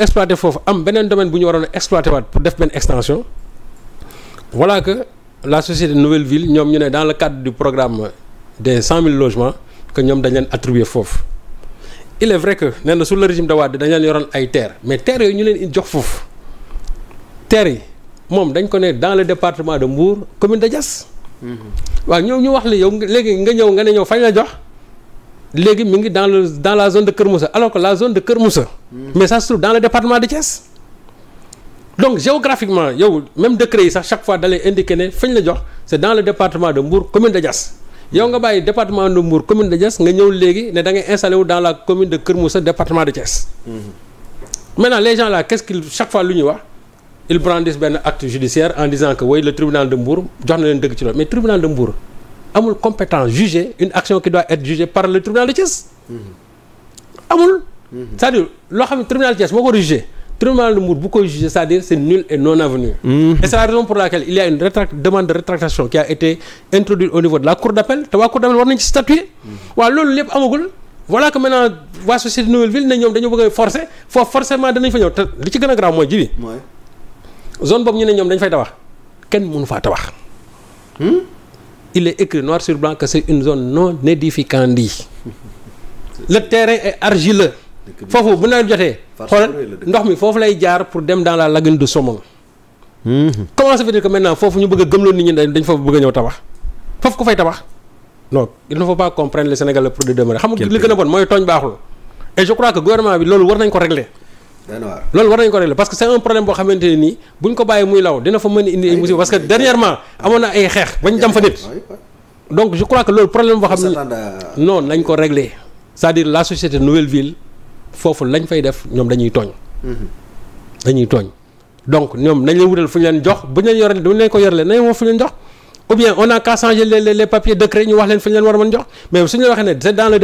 exploité foofu am beneen domaine bu ñu waroon a exploité waat pour def benn extension voilà que la société Nouvelle Ville ñoom ñu ne dans le cadre du programme des cent mille logements que ñoom dañ leen attribué foofu il est vrai que nee na sous le régime de Wade dañ leen yoroon ay terres mais terres yooyu ñu leen jox foofu terres yi moom dañ ko ne dans le département de Mbour commune de Diass mhm. waaw ñoom ñu wax la yow léegi nga ñëw nga ne ñëw fañ la jox léegi mi ngi dans le dans la zone de Kër Moussa alors la zone de Kër Moussa. Hmm. mais ça se trouve dans le département de Thiès. donc géographiquement yow même décret yi sax chaque fois da lay indiqué ne fañ la jox c' dans le département de Mbour commune de Diass yow nga bàyyi département de Mbour commune de Diass nga ñëw léegi ne da ngay installé wu dans la commune de Kër Moussa département de Thiès. Hmm. maintenant les gens là qu' est chaque fois lu ñuy wax ils brandissent benn acte judiciaire leen dëgg ci loolu mais tribunal amul compétence juger une action qui doit être jugée par le tribunal de Thiès. amul. Mhm. cest loo xam ne tribunal de Thiès moo ko jugé tribunal de Mbour bu koy jugé c'est-à-dire c'est nul et non avenu. Mhm. et c'est la raison pour laquelle il y une demande de rétractation qui a été introduite au niveau de la cour d'appel te waa cour d'appel war nañ ci statuer. Mhm. waaw loolu lépp amagul. voilà que maintenant waa société de Nouvelle Ville ne ñoom dañoo bëgg a forcer foofu forcément danañ fa ñëw te li ci gën a grave mooy zone boobu ñu ne ñoom dañ fay tabax kenn mënu faa tabax. Hmm? il est écrit noir sur blanc que c'est une zone non aedificandi le terrain est argileux foofu bu nawet jotee xoolal ndox mi foofu lay jaar pour dem dans la lagune de Somone hmm. comment ça veut dire que maintenant foofu ñu bëgg a gëmloo nit ñi dañ fa bëgg a ñëw tabax foofu ku fay tabax non ne faut pas comprendre le Sénégal pour de demeurer xam nga gën a bon mooy tooñ baaxul et je crois que gouvernement bi loolu war nañ ko régler loolu war nañu ko régler parce que c'est un problème boo xamante nii buñ ko bàyyi muy law dina fa mën a indi ay musiba parce que dernièrement amoon na ay xeex bañ jam fa nit donc je que loolu problème boo xam ne nañ ko régler c'est-à-dire la société nouvelle ville foofu lañ fay def ñoom dañuy tooñ mm-hmm. dañuy tooñ donc ñoom nañ leen wutal fu ñu leen jox bu ñu leen yoree du leen ko yorlee nañ fu ñu leen jox ou bien on a qu'à changer les les, les papiers décret ñu wax leen fi ñu war a mën jox mais suñu la waxee ne c'est dans le de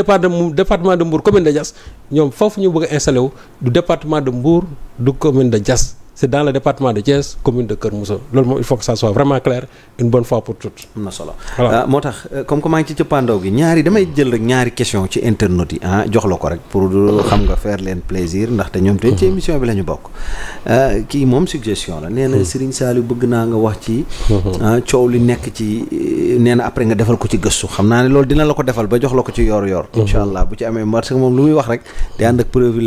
département de de Diass ñoom foofu ñu bëgg a du département de Mbour du commune de Diass c'est dans le département de Thiès commune de Kër Moussa loolu moom il faut que ça soit vraiment clair une bonne fois pour toutes. am na solo euh, moo tax euh, comme que maa ngi ci cëppaandaw gi ñaari ñaari question ci internet yi ah, jox la ko rek pour euh, xam nga faire leen plaisir ndaxte ñoom te ci mhm. émission bi la ñu bokk. kii moom suggestion la nee na mhm. Serigne Saliou bëgg naa nga wax ci. Mhm. Ah, coow li nekk ci nee na après nga defal ko ci gëstu xam naa ne loolu dina la ko defal ba jox la ko ci yoor yor incha allah bu ci amee parce que moom lu muy wax rek day ànd ak preuve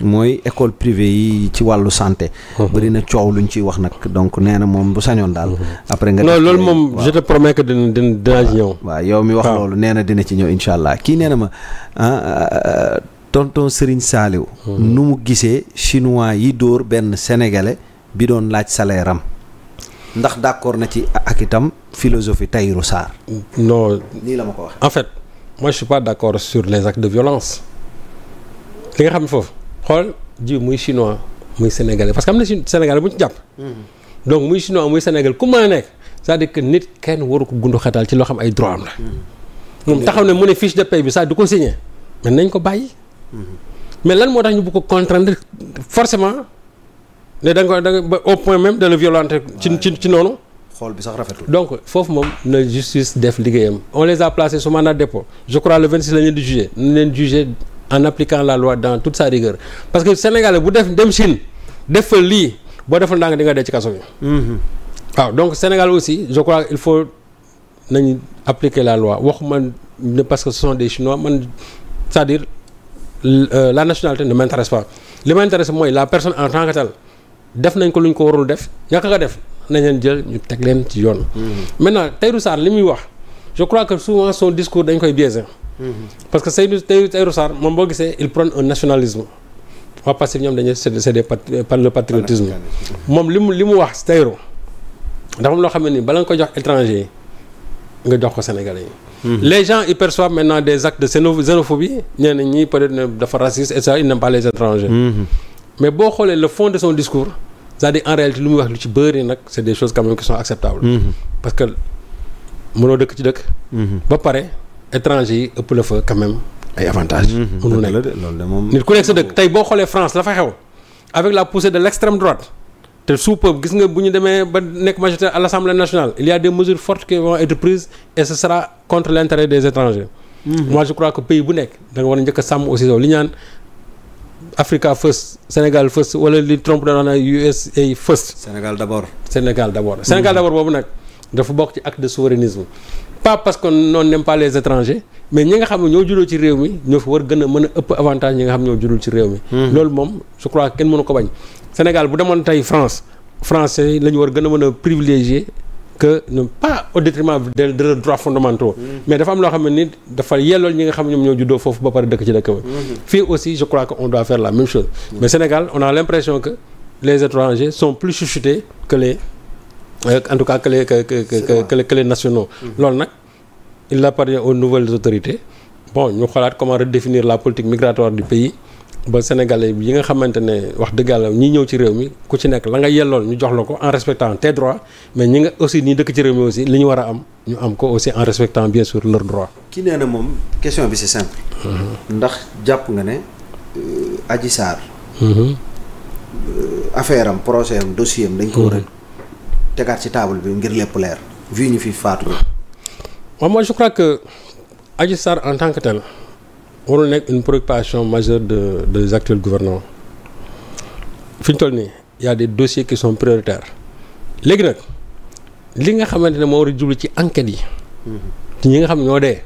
mooy école privée yi ci wàllu santé. bëri na coow luñ ciy wax nag donc nee na moom bu sañoon daal. après nga non loolu moom je te dina ci ñëw. waaw yow mi wax ah. loolu nee na dina ci ñëw incha allah kii neena ma ah, ah, ah tonton Serigne Saliou. nu mu gisee chinois yi dóor benn sénégalais bi doon laaj salaire am. ndax d'accord na ci ak itam philosophie Tahirou Sarr. non nii la ma ko wax en fait moi je suis pas d'accord de violence. xam foofu xool jiw muy chinois. muy sénégalais parce que am na si sénégalais bu ñu jàpp. Mm-hmm. donc muy chinois muy sénégal ku a nekk c'est-à-dire que nit kenn waru ko gundu xatal ci loo xam ay droit am la. Mm-hmm. moom mm-hmm. taxaw ne mu ne fiche de paie bi saa du ko signé mais nañ ko bàyyi. mais lan moo tax ñu bu ko contraindre forcément ne da nga da nga au point même de le violenter. ci ci ci noonu. xool bi sax rafetul. donc foofu moom na justice def liggéeyam on les a placés sous mandat de je crois le 26 la ñu leen en appliquant la loi dans toute sa rigueur parce que sénégalais bu def dem Chine def fa lii boo deful ndànk di nga dee ci kaso bi. Mhm. waaw donc Sénégal aussi je crois il faut nañu appliquer la loi waxuma ne parce que ce sont des chinois man c'est-à-dire euh, la nationalité ne m'intéresse pas li ma intéresse mooy la personne en tant def nañ ko lu ñu ko warul def ñaka nga def nañ leen jël ñu teg leen ci yoon. Mhm. maintenant Tahirou Sarr li muy wax je crois que souvent son discours dañ koy biaisé. Mm-hmm. parce que Seydou Seydou Sarr moom boo gisee il prône un nationalisme waa Pastef ñoom dañuy c'est des par euh, le moom li mu li mu wax Seydou dafa am loo xam ne nii bala nga ko jox étranger nga jox ko Sénégalais yi. Mm-hmm. les gens y perçoivent maintenant des actes de xénophobie ñeneen ñi peut-être ne dafa raciste et ça ils n'aiment pas les étrangers. Mm-hmm. mais boo xoolee le fond de son discours cest à en réalité lu muy wax lu ci bëri nag c'est des choses quand même qui acceptables. parce que mënoo étranger yi ëpp la fa quand même ay avantages. Mhm. mënu nekk loolu de moom nit ku nekk sa dëkk tey boo xoolee France la fa xew avec la poussée de l' extrême te sous-peuple gis nga bu ñu demee ba nekk majorité à l' assemblée nationale il y a des mesures fortes qui vont être prises et ce contre l' des étrangers. Mhm. moi je crois que pays bu nekk da nga war a njëkk a sàmm aussi yow li ñaan Africa first Sénégal first wala li Trump da doon USA first. Sénégal d' abord. Sénégal d' abord Sénégal mhm. d' boobu nag dafa bokk ci acte de pas parce que noon n'aime pas les étrangers mais ñi nga xam ne ñoo juddoo ci réew mi ñoo fi war gën a mën a ëpp avantage ñi nga xam ñoo juddul ci réew mi hmm. loolu moom je crois kenn mënu ko bañ Sénégal bu demoon tey France français la ñu war gën a mën a privilégier que ne pas au détriment de de droits fondamentaux hmm. mais dafa am loo xam ne ni dafa yellool ñi nga xam ñoom ñoo juddoo foofu ba pare dëkk ci dëkk ba hmm. fii aussi je crois que on doit faire la même chose mais Sénégal en tout cas que que que que que les, que les nationaux. Mm-hmm. loolu nag il appartient aux nouvelles autorités bon ñu xoolaat comment redéfinir la politique migratoire du pays ba sénégalais yi nga xamante ne wax dëgg yàlla ñi ñëw ci réew mi ku ci nekk la nga yelloon ñu jox la ko en respectant tes droits mais ñi nga aussi ñi dëkk ci réew mi aussi li ñu war a am ñu am ko aussi en respectant bien sûr leurs droits. ki nee na moom question bi c'est simple. Mm-hmm. ndax jàpp nga ne euh, Adji Sarr. Mm-hmm. Euh, affaire am procès am dossier dañ ko war a tegaat ci table bi ngir lépp leer vu ñu fi faatu ñu. waaw moi je crois que Adji Sarr en tant que tel warul nekk une préoccupation majeure de des actuels gouvernants fi ñu toll nii y a des dossiers qui sont prioritaires léegi nag li nga xamante ne moo war a ci enquêtes yi. ci ñi nga xam ñoo dee.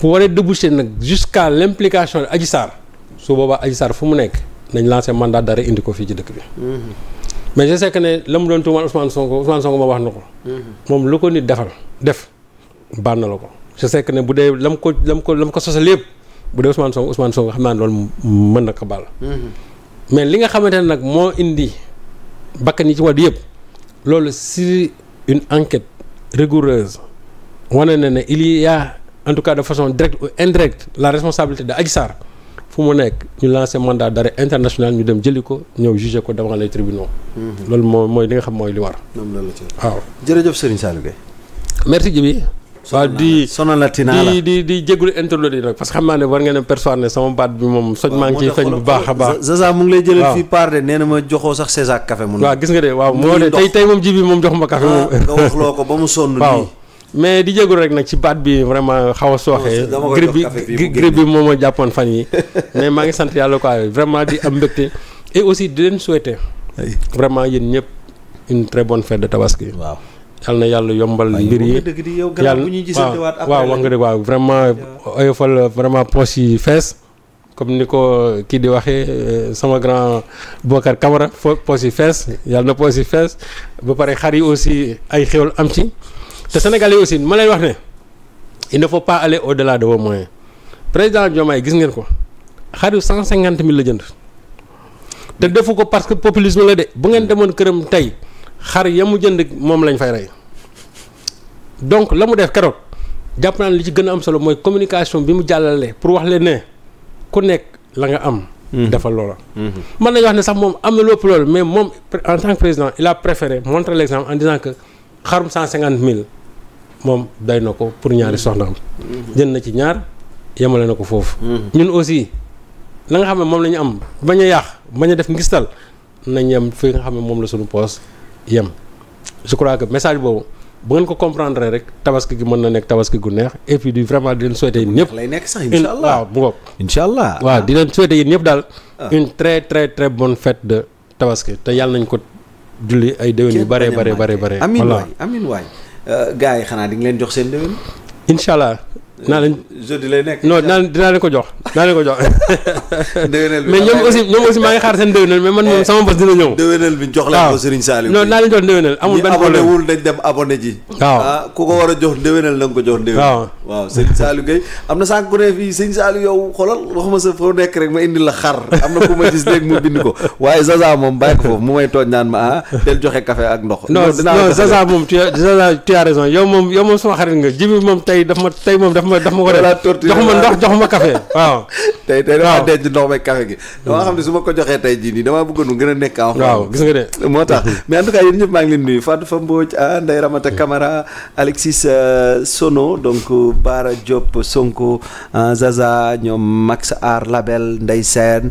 bu waree seen nag jusqu'à l'implication de Adji Sarr su boobaa Adji Sarr fu mu nekk nañ lancer mandat d'arrêt indi ko fii ci dëkk bi. mais je sais ne la mu doon tuumaal Ousmane Sonko Ousmane Sonko ma wax na ko. Mhm. moom lu ko nit defal def baal na la ko. je sais ne bu dee la mu ko la mu ko la ko sosal yëpp bu dee Ousmane Sonko Ousmane Sonko xam naa ne loolu mën na ko baal. Mhm. mais li nga xamante ne nag moo indi bakkan yi ci wàll yëpp loolu si une enquête rigoureuse wane na ne il y a en tout cas de façon directe ou indirecte la responsabilité de Adji Sarr. fu mu nekk ñu lancé mandat d'arrêt international ñu dem jëli ko ñëw jugé ko devant les tribunaux. Mhm. loolu moo mooy li nga xam mooy li war. waaw jërëjëf Serigne Saliou Gueye. merci Djibi. waaw di sonalatina la di di di jégalu internet yi nag parce que xam naa ne war ngeen a percevoir ne sama baat bi moom. soj maa ngi ciy feeñ bu baax a baax. Zaza mu ngi lay jëlal fii part de nee na ma joxoo sax César café mu. waaw gis nga de waaw moo de tey tey moom Djibi moom joxuma café ah, moom. nga waxloo ko ba mu sonn nii. mais di jégalu rek nag ci baat bi vraiment xaw a sooxee grippe bi moom moo jàppoon fan yi mais maa ngi sant yàlla quoi vraiment di am mbégte et aussi di leen souhaiter vraiment yéen ñëpp une très bonne fête de tabaski waaw yal na yàlla yombal mbir yi yàlla waaw wax nga dëgg waaw vraiment oyofal vraiment poche yi fees comme ni ko kii di waxee euh, sama grand Bokar Camara foo poche yi fees yàlla na poche yi fees ba pare xar yi aussi ay xéwal am ci te sénégalais aussi ma leen wax ne il ne faut pas aller au-delà de vos moyens président Diomaye gis ngeen ko xaru cent cinquante mille la jënd te defu ko parce que populisme la de bu ngeen demoon këram tey xar ya mu jënd moom lañ fay rey donc la mu def keroog jàpp naa li ci gën a am solo mooy communication bi mu jàllale pour wax leen ne ku nekk la nga am. Mhm. dafa loola. Mhm. mën nañu wax ne sax moom am na lépp loolu mais moom en tant que président il a préféré xarum 150000 moom day na ko pour ñaari soxna am jën na ci ñaar yemale na ko foofu. ñun aussi la nga xam ne moom lañu am bañ a yàq bañ def ngistal nañ yem fi nga xam ne moom la sunu poos yem. je crois que message boobu bu ngeen ko comprendre rek tabaski gi mën na nekk tabaski gu neex et puis di vraiment di leen souhaiter yéen ñëpp. lay nekk sax incha allah waaw mu ngoog. incha allah waaw di leen souhaiter yéen ñëpp daal. Ah. une très très très bonne fête de tabaski te yàlla nañ ko. julli ay déwén yu bare bare bare bare. amiin waay amin waay euh, gars yi xanaa di nga leen jox seen déwén. incha naa leen jeudi lay nekk. dinaa dinaa leen ko jox dinaa leen ko jox. déwénal bi mais ñoom aussi ñoom aussi maa ngi xaar seen déwénal mais man moom sama bos ko Serigne Saliou. non naa leen jox déwénal amul benn ah, a na nga ko jox. déwénal waaw Serigne Saliou sa foo nekk ma indi la xar na ku ma gis léegi mu bind ko waaye Zaza moom bàyyi ko foofu mu may tooñ naan ma ah del joxe café ak ndox. non non Zaza moom tu as Zaza xarit nga jibi moom tey daf ma tey moom daf ma daf ma ko def joxuma ndox joxuma café waaw tey tey damaa denc ndox may café gi dama xam ne su ma ko joxee tey jii nii damaa bëggoon gën a nekk en waaw gis nga de moo tax mais en tout cas yéen ñëpp maa ngi leen nuyu Fatou Fa Mbodj ah Ndeye Ramata mm. Camara Alexis euh, Sono donc euh, Bara Diop Sonko euh, Zaza ñoom Max Ar Label nday Sène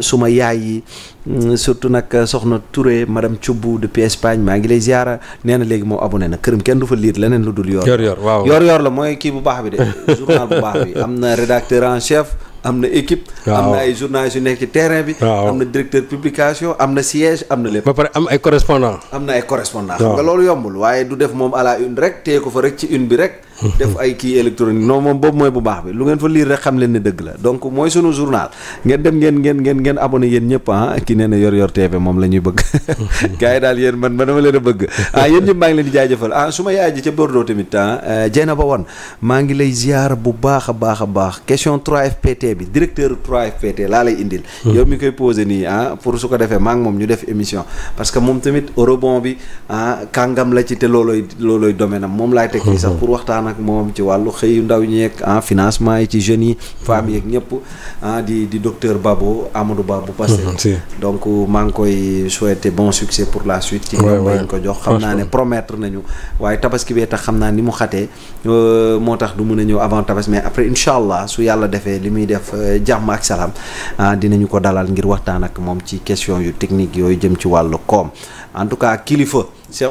suma yaay yi Mm, surtout nag euh, soxna Touré madame Thioub depuis Espagne maa ngi lay ziara nee na léegi moom abonné na këram kenn du fa liir leneen lu dul yor yor waaw yor yor la mooy kii bu baax bi de journal bu baax bi am na rédacteur en chef am na équipe am na ay journalistes yu nekk ci terrain bi am na directeur publication am na siège am na lépp ba pare am ay correspondant am na ay correspondant xam nga loolu yombul waaye du def moom à la une rek téye ko fa rek ci une bi rek def ay kii électronique non moom boobu mooy bu baax bi lu ngeen fa lii rek xam leen ne dëgg la donc mooy sunu journal ngeen dem ngeen ngeen ngeen ngeen abonné yéen ñëpp ah ki nee na yor yor TV moom la bëgg gars daal yéen man man dama leen bëgg ah yéen ñëpp maa ngi leen di jaajëfal ah su ma yaay ji ca Bordeaux tamit ah eh, Dieynaba Wane maa ngi lay ziar bu baax a baax a baax question 3FPT bi directeur 3FPT laa lay indil hmm. yow mi koy posé nii ah pour su ko defee maa ngi moom ñu def émission parce que moom tamit rebond bi ah kàngam la ci te looloy looloy domaine am moom laay teg pour waxtaan waxtaan ak moom ci wàllu xëyu ndaw ñeeg ah financement yi ci jeunes yi femmes yeeg ah, di di docteur Babo Amadou Ba bu passé mm-hmm, donc maa ngi koy souhaiter bon succès pour la suite ci ñoom lañ ko jox xam naa ne promettre nañu waaye tabaski bee tax xam naa ni mu xatee euh, moo tax du mën a ñëw avant tabaski mais après incha allah su yàlla defee li muy def euh, jàmm ak salaam ah dinañu ko dalal ngir waxtaan ak moom ci question yu technique yooyu jëm ci wàllu koom en kilifa Cheikh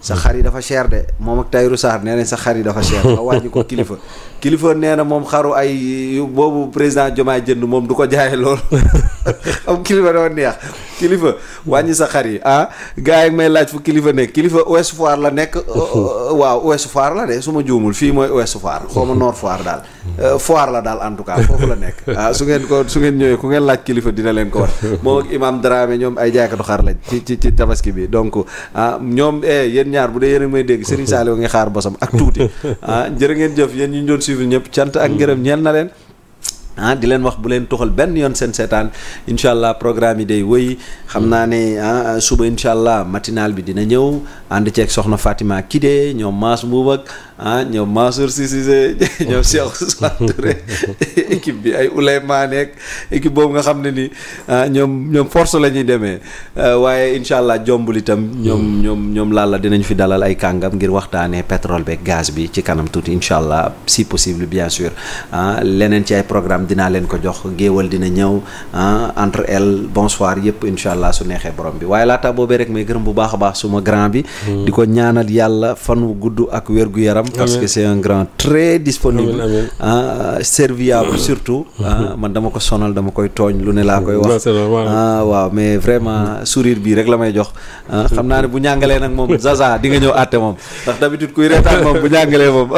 sa xar yi dafa cher de moom ak Tayrou Sarr nee nañ sa xar yi dafa cher nga wàññi ko kilifa kilifa nee na moom xaru ay boobu président jomaa jënd moom du ko jaaye lool xam kilifa dafa neex kilifa wàññi sa xar yi ah gars yi may laaj fu kilifa nekk kilifa ouest foire la nekk uh, uh, waaw ouest foire la de su ma juumul fii mooy ouest foire xaw ma nord foire daal uh, foire la daal en tout cas foofu la nekk ah su ngeen ko su ngeen ñëwee ku ngeen laaj kilifa dina leen ko war moom ak imam Dramé ñoom ay jaaykatu xar lañ ci ci ci tabaski bi donc ah ñoom eh, yéen ñaar bu dee yéen a may dégg Serigne Saliou ngi xaar bosam ak tuuti ah ngeen jëf yéen ñu doon suivre ñëpp cant ak ngërëm ñeel na leen ah di leen wax bu leen toxal benn yoon seen seetaan incha allah programme yi day woy xam naa ne ah suba incha allah matinal bi dina ñëw ànd ceeg soxna faatiment Kide ñoom Maas bu ak ah ñoom Mansour Cissé ñoom Cheikh Ousmane Touré équipe bi ay Ouleymane ak équipe boobu nga xam ne ni ah, ñoom ñoom force la ñuy demee ah, waaye incha allah jombul itam ñoom hmm. ñoom ñoom laal la dinañ fi dalal ay kàngam ngir waxtaanee pétrole beeg gaz bi ci kanam tuuti incha allah si possible bien sûr ah, leneen ci ay programme dinaa leen ko jox géewal dina ñëw ah entre el bonsoir yëpp incha allah su neexee borom bi waaye laata boobee rek may gërëm bu baax a baax suma grand bi hmm. di ko ñaanal yàlla fan wu gudd ak wér yaram parce que c'est un grand très disponible ah serviable surtout mm-hmm. ah, man dama ko sonal dama koy tooñ lu ne laa koy wax ah waaw mais vraiment sourire bi rek la may jox ah, mm-hmm. xam naa ne bu ñàngalee nag moom zaza di nga ñëw àtte moom ndax d'habitude kuy reetaan moom bu ñàngalee moom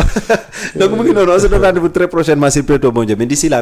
donc mu ngi noonu on se donne rendez-vous très prochainement sur Plateau Bon Dieu mais d'ici là